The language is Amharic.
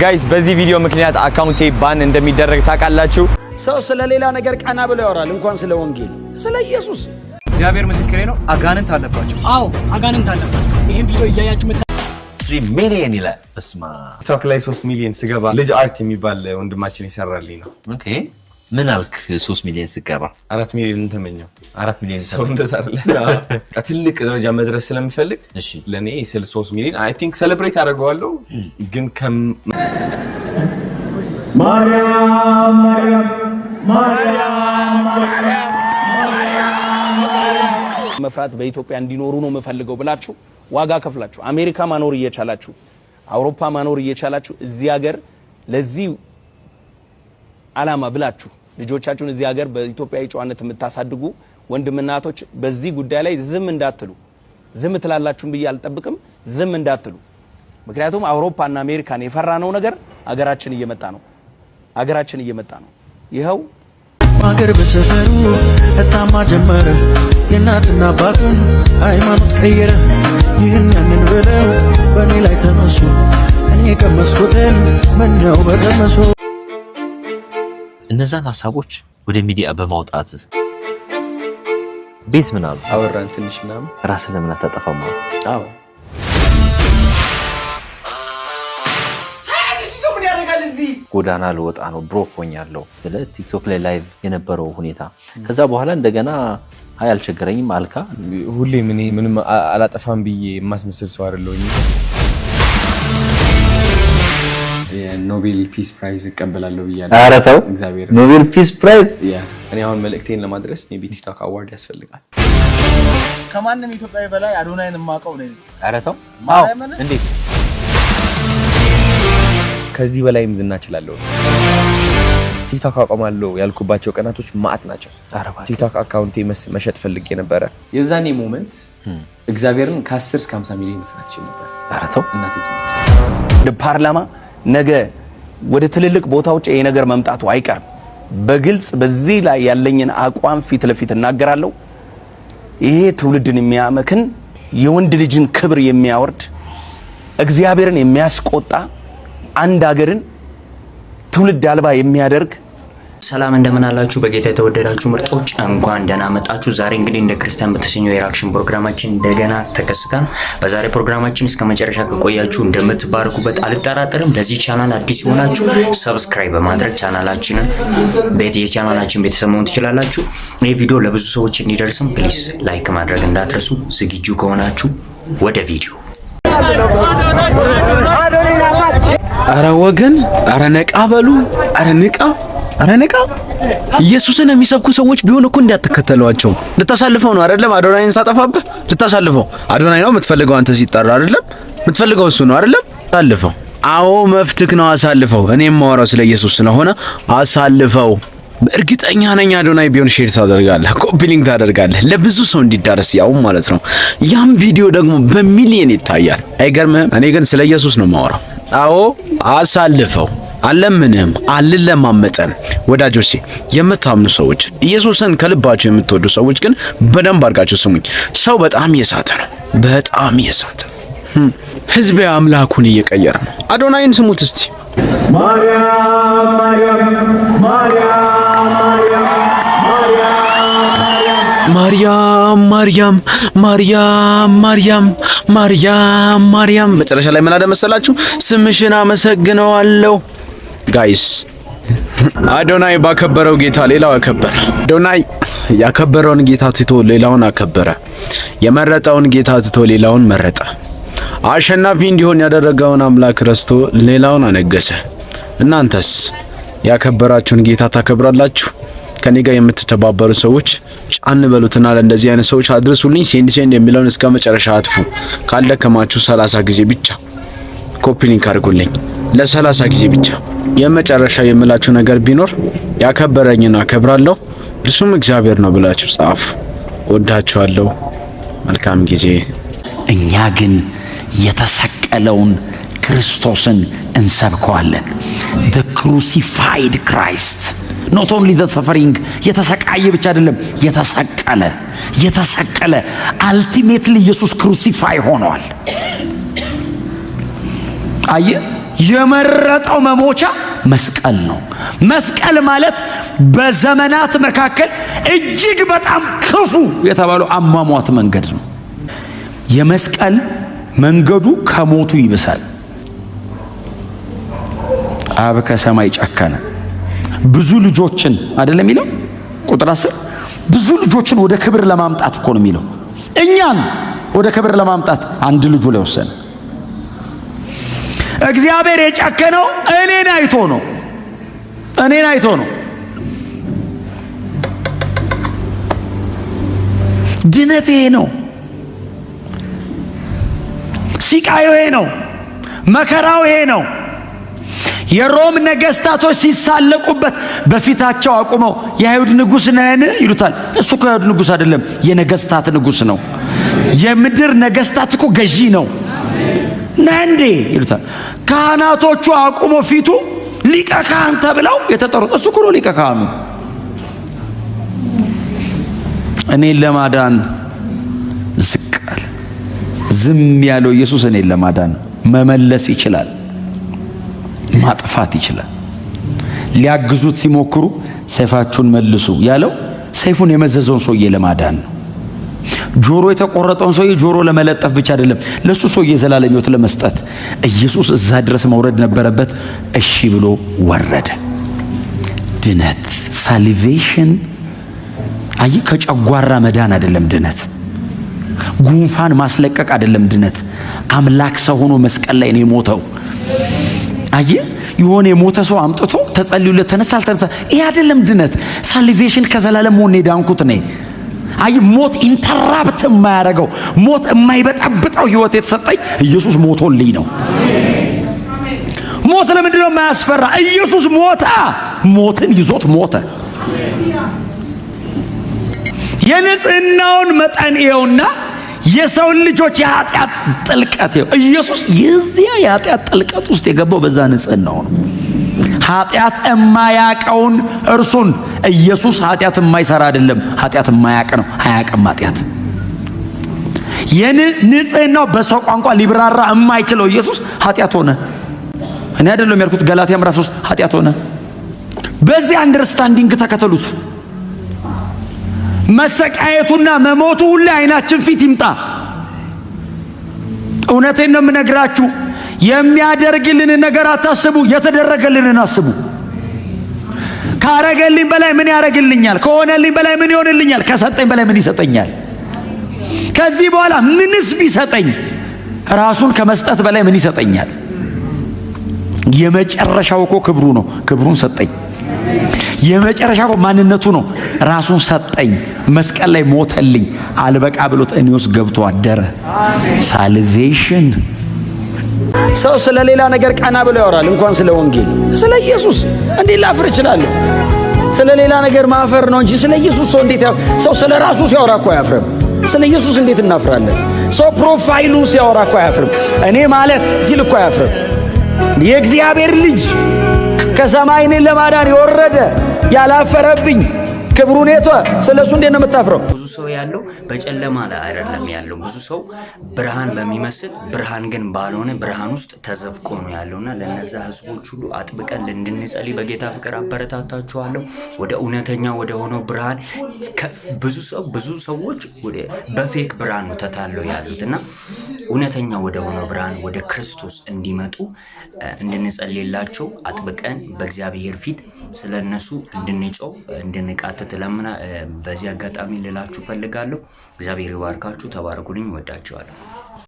ጋይስ በዚህ ቪዲዮ ምክንያት አካውንቴ ባን እንደሚደረግ ታውቃላችሁ። ሰው ስለ ሌላ ነገር ቀና ብሎ ያወራል፣ እንኳን ስለ ወንጌል፣ ስለ ኢየሱስ። እግዚአብሔር ምስክሬ ነው። አጋንንት አለባቸው። አዎ አጋንንት አለባቸው። ይህን ቪዲዮ እያያችሁ ምታ ሚሊየን ይላል። በስመ አብ ቲክቶክ ላይ ሶስት ሚሊየን ስገባ ልጅ አርት የሚባል ወንድማችን ይሰራልኝ ነው ምን አልክ? ሶስት ሚሊዮን ስገባ አራት ሚሊዮን ተመኘው። አራት ሚሊዮን ሰው እንደዛ ትልቅ ደረጃ መድረስ ስለምፈልግ ለእኔ ስል ሶስት ሚሊዮን አይ ቲንክ ሴሌብሬት አደርገዋለሁ። ግን መፍራት በኢትዮጵያ እንዲኖሩ ነው የምፈልገው ብላችሁ ዋጋ ከፍላችሁ አሜሪካ ማኖር እየቻላችሁ አውሮፓ ማኖር እየቻላችሁ እዚህ ሀገር ለዚህ አላማ ብላችሁ ልጆቻችሁን እዚህ ሀገር በኢትዮጵያዊ ጨዋነት የምታሳድጉ ወንድምናቶች በዚህ ጉዳይ ላይ ዝም እንዳትሉ፣ ዝም ትላላችሁም ብዬ አልጠብቅም። ዝም እንዳትሉ፣ ምክንያቱም አውሮፓና አሜሪካን ነው ነገር አገራችን እየመጣ ነው። አገራችን እየመጣ ነው። ይኸው ሀገር በሰፈሩ እታማ ጀመረ። የእናትና አባቱን ሃይማኖት ቀየረ። ይህን ያንን ብለው በእኔ ላይ ተነሱ። እኔ ቀመስኩትን ምነው በቀመሱ እነዛን ሀሳቦች ወደ ሚዲያ በማውጣት ቤት ምናምን አወራን ትንሽ ምናምን ራስን ለምን አታጠፋም? አዎ ጎዳና ልወጣ ነው ብሮክ ሆኛለሁ ብለህ ቲክቶክ ላይ ላይቭ የነበረው ሁኔታ ከዛ በኋላ እንደገና አይ አልቸገረኝም አልካ። ሁሌ ምንም አላጠፋም ብዬ የማስመስል ሰው አይደለሁኝ። ኖቤል ፒስ ፕራይዝ እቀበላለሁ ብያለሁ። ኧረ ተው ኖቤል ፒስ ፕራይዝ። እኔ አሁን መልእክቴን ለማድረስ ሜይ ቢ ቲክቶክ አዋርድ ያስፈልጋል። ከማንም ኢትዮጵያዊ በላይ አዶናይን የማውቀው ነኝ። ኧረ ተው እንዴት ከዚህ በላይም ዝና እችላለሁ። ቲክቶክ አቆማለሁ ያልኩባቸው ቀናቶች ማዕት ናቸው። ቲክቶክ አካውንቴ መሸጥ ፈልጌ ነበረ። የዛኔ ሞመንት እግዚአብሔርን ከ10 እስከ 50 ሚሊዮን መስራት ይችል ነበር። ፓርላማ ነገ ወደ ትልልቅ ቦታዎች ይሄ ነገር መምጣቱ አይቀርም። በግልጽ በዚህ ላይ ያለኝን አቋም ፊት ለፊት እናገራለሁ። ይሄ ትውልድን የሚያመክን የወንድ ልጅን ክብር የሚያወርድ እግዚአብሔርን የሚያስቆጣ አንድ ሀገርን ትውልድ አልባ የሚያደርግ ሰላም እንደምን አላችሁ? በጌታ የተወደዳችሁ ምርጦች እንኳን ደህና መጣችሁ። ዛሬ እንግዲህ እንደ ክርስቲያን በተሰኘው የራክሽን ፕሮግራማችን እንደገና ተከስተን በዛሬ ፕሮግራማችን እስከ መጨረሻ ከቆያችሁ እንደምትባረኩበት አልጠራጠርም። ለዚህ ቻናል አዲስ የሆናችሁ ሰብስክራይብ በማድረግ ቻናላችንን የቻናላችን ቤተሰብ መሆን ትችላላችሁ። ይህ ቪዲዮ ለብዙ ሰዎች እንዲደርስም ፕሊስ ላይክ ማድረግ እንዳትረሱ። ዝግጁ ከሆናችሁ ወደ ቪዲዮ አረ ወገን አረ ነቃ በሉ አረ ንቃ አረ ንቃ። ኢየሱስን የሚሰብኩ ሰዎች ቢሆን እኮ እንዳትከተሏቸው። ልታሳልፈው ነው አይደለም? አዶናይን ሳጠፋብህ ልታሳልፈው። አዶናይ ነው የምትፈልገው አንተ ሲጠራ አይደለም? የምትፈልገው እሱ ነው አይደለም? አሳልፈው። አዎ መፍትክ ነው አሳልፈው። እኔ ማወራው ስለ ኢየሱስ ስለሆነ አሳልፈው። እርግጠኛ ነኝ አዶናይ ቢሆን ሼር ታደርጋለህ፣ ኮፒ ሊንክ ታደርጋለህ ለብዙ ሰው እንዲዳረስ ያው ማለት ነው። ያም ቪዲዮ ደግሞ በሚሊየን ይታያል። አይገርምህም? እኔ ግን ስለ ኢየሱስ ነው የማወራው። አዎ አሳልፈው። አለምንም አልለማመጠም። ወዳጆቼ የምታምኑ ሰዎች ኢየሱስን ከልባችሁ የምትወዱ ሰዎች ግን በደንብ አድርጋችሁ ስሙኝ። ሰው በጣም የሳተ ነው፣ በጣም የሳተ ነው። hm፣ ህዝቤ አምላኩን እየቀየረ ነው። አዶናይን ስሙት እስቲ። ማርያም ማርያም ማርያም ማርያም ማርያም ማርያም ማርያም ማርያም መጨረሻ ላይ ምን አለ መሰላችሁ? ስምሽን አመሰግነዋለሁ ጋይስ አዶናይ ባከበረው ጌታ ሌላው አከበረ። አዶናይ ያከበረውን ጌታ ትቶ ሌላውን አከበረ። የመረጠውን ጌታ ትቶ ሌላውን መረጠ። አሸናፊ እንዲሆን ያደረገውን አምላክ ረስቶ ሌላውን አነገሰ። እናንተስ ያከበራችሁን ጌታ ታከብራላችሁ? ከኔ ጋር የምትተባበሩ ሰዎች ጫን በሉትና ለእንደዚህ አይነት ሰዎች አድርሱልኝ። ሴንድ ሴንድ የሚለውን እስከ መጨረሻ አጥፉ። ካልደከማችሁ ሰላሳ ጊዜ ብቻ ኮፒ ሊንክ አድርጉልኝ። ለሰላሳ ጊዜ ብቻ። የመጨረሻ የምላችሁ ነገር ቢኖር ያከበረኝን አከብራለሁ እርሱም እግዚአብሔር ነው ብላችሁ ጻፉ። ወዳችኋለሁ። መልካም ጊዜ። እኛ ግን የተሰቀለውን ክርስቶስን እንሰብከዋለን። ዘ ክሩሲፋይድ ክራይስት ኖት ኦንሊ ዘ ሰፈሪንግ የተሰቃየ ብቻ አይደለም፣ የተሰቀለ የተሰቀለ አልቲሜትሊ ኢየሱስ ክሩሲፋይ ሆኗል። አየ የመረጠው መሞቻ መስቀል ነው። መስቀል ማለት በዘመናት መካከል እጅግ በጣም ክፉ የተባለው አሟሟት መንገድ ነው። የመስቀል መንገዱ ከሞቱ ይብሳል። አብ ከሰማይ ጨከነ፣ ብዙ ልጆችን አይደለም የሚለው ቁጥር አስር ብዙ ልጆችን ወደ ክብር ለማምጣት እኮ ነው የሚለው እኛን ወደ ክብር ለማምጣት አንድ ልጁ ላይ ወሰነ። እግዚአብሔር የጨከነው እኔን አይቶ ነው። እኔን አይቶ ነው። ድነቴ ነው። ሲቃዩ ይሄ ነው። መከራው ይሄ ነው። የሮም ነገስታቶች ሲሳለቁበት በፊታቸው አቁመው የአይሁድ ንጉሥ ነህን ይሉታል። እሱ እኮ የአይሁድ ንጉሥ አይደለም፣ የነገስታት ንጉሥ ነው። የምድር ነገስታት እኮ ገዢ ነው። ነንዴ ይሉታል። ካህናቶቹ አቁሞ ፊቱ ሊቀ ካህን ተብለው የተጠሩት እሱ ኩሎ ሊቀ ካህኑ እኔን ለማዳን ዝቅ አለ። ዝም ያለው ኢየሱስ እኔን ለማዳን መመለስ ይችላል፣ ማጥፋት ይችላል። ሊያግዙት ሲሞክሩ ሰይፋችሁን መልሱ ያለው ሰይፉን የመዘዘውን ሰውዬ ለማዳን ነው። ጆሮ የተቆረጠውን ሰውዬ ጆሮ ለመለጠፍ ብቻ አይደለም፣ ለሱ ሰውዬ ዘላለም ህይወት ለመስጠት ኢየሱስ እዛ ድረስ መውረድ ነበረበት። እሺ ብሎ ወረደ። ድነት ሳሊቬሽን፣ አይ ከጨጓራ መዳን አይደለም ድነት፣ ጉንፋን ማስለቀቅ አይደለም ድነት። አምላክ ሰው ሆኖ መስቀል ላይ ነው የሞተው። አይ የሆነ የሞተ ሰው አምጥቶ ተጸልዩለት ተነሳ አልተነሳ፣ አይደለም ድነት። ሳልቬሽን ከዘላለም ሆነ የዳንኩት ነኝ አይ ሞት ኢንተራፕት የማያደርገው ሞት የማይበጠብጠው ህይወት የተሰጠኝ ኢየሱስ ሞቶልኝ ነው። ሞት ለምንድን ነው የማያስፈራ? ኢየሱስ ሞታ ሞትን ይዞት ሞተ። የንጽህናውን መጠን ይኸውና የሰውን ልጆች የኃጢአት ጥልቀት ይኸው ኢየሱስ የዚያ የኃጢአት ጥልቀት ውስጥ የገባው በዛ ንጽህናው ነው። ኃጢአት የማያቀውን እርሱን ኢየሱስ ኃጢአት የማይሰራ አይደለም፣ ኃጢአት የማያቅ ነው። አያቅም ኃጢአት የንጽህናው በሰው ቋንቋ ሊብራራ የማይችለው ኢየሱስ ኃጢአት ሆነ። እኔ አይደለም ያልኩት፣ ገላትያ ምዕራፍ 3 ኃጢአት ሆነ። በዚህ አንደርስታንዲንግ ተከተሉት። መሰቃየቱና መሞቱ ሁሌ አይናችን ፊት ይምጣ። እውነቴን ነው የምነግራችሁ። የሚያደርግልን ነገር አታስቡ፣ የተደረገልንን አስቡ። ካረገልኝ በላይ ምን ያደረግልኛል ከሆነልኝ በላይ ምን ይሆንልኛል? ከሰጠኝ በላይ ምን ይሰጠኛል? ከዚህ በኋላ ምንስ ቢሰጠኝ ራሱን ከመስጠት በላይ ምን ይሰጠኛል? የመጨረሻው እኮ ክብሩ ነው። ክብሩን ሰጠኝ። የመጨረሻ እኮ ማንነቱ ነው። ራሱን ሰጠኝ፣ መስቀል ላይ ሞተልኝ። አልበቃ ብሎት እኔ ውስጥ ገብቶ አደረ። ሳልቬሽን ሰው ስለ ሌላ ነገር ቀና ብሎ ያወራል፣ እንኳን ስለ ወንጌል። ስለ ኢየሱስ እንዴት ላፍር እችላለሁ? ስለ ሌላ ነገር ማፈር ነው እንጂ ስለ ኢየሱስ ሰው እንዴት ሰው ስለ ራሱ ሲያወራ እኮ አያፍርም። ስለ ኢየሱስ እንዴት እናፍራለን? ሰው ፕሮፋይሉ ሲያወራ እኮ አያፍርም። እኔ ማለት ሲል እኮ አያፍርም። የእግዚአብሔር ልጅ ከሰማይ እኔን ለማዳን የወረደ ያላፈረብኝ ክብሩን የቷ ስለ እሱ እንዴት ነው የምታፍረው? ብዙ ሰው ያለው በጨለማ ላይ አይደለም ያለው። ብዙ ሰው ብርሃን በሚመስል ብርሃን ግን ባልሆነ ብርሃን ውስጥ ተዘፍቆ ነው ያለውና ለነዛ ህዝቦች ሁሉ አጥብቀን እንድንጸልይ በጌታ ፍቅር አበረታታችኋለሁ። ወደ እውነተኛ ወደ ሆነው ብርሃን ብዙ ሰው ብዙ ሰዎች በፌክ ብርሃን ነው ተታለው ያሉት እና እውነተኛ ወደ ሆነው ብርሃን ወደ ክርስቶስ እንዲመጡ እንድንጸልላቸው አጥብቀን በእግዚአብሔር ፊት ስለነሱ እንድንጮው እንድንቃትት ተለምና በዚህ አጋጣሚ ልላችሁ ፈልጋለሁ። እግዚአብሔር ይባርካችሁ። ተባረኩልኝ። ወዳችኋለሁ።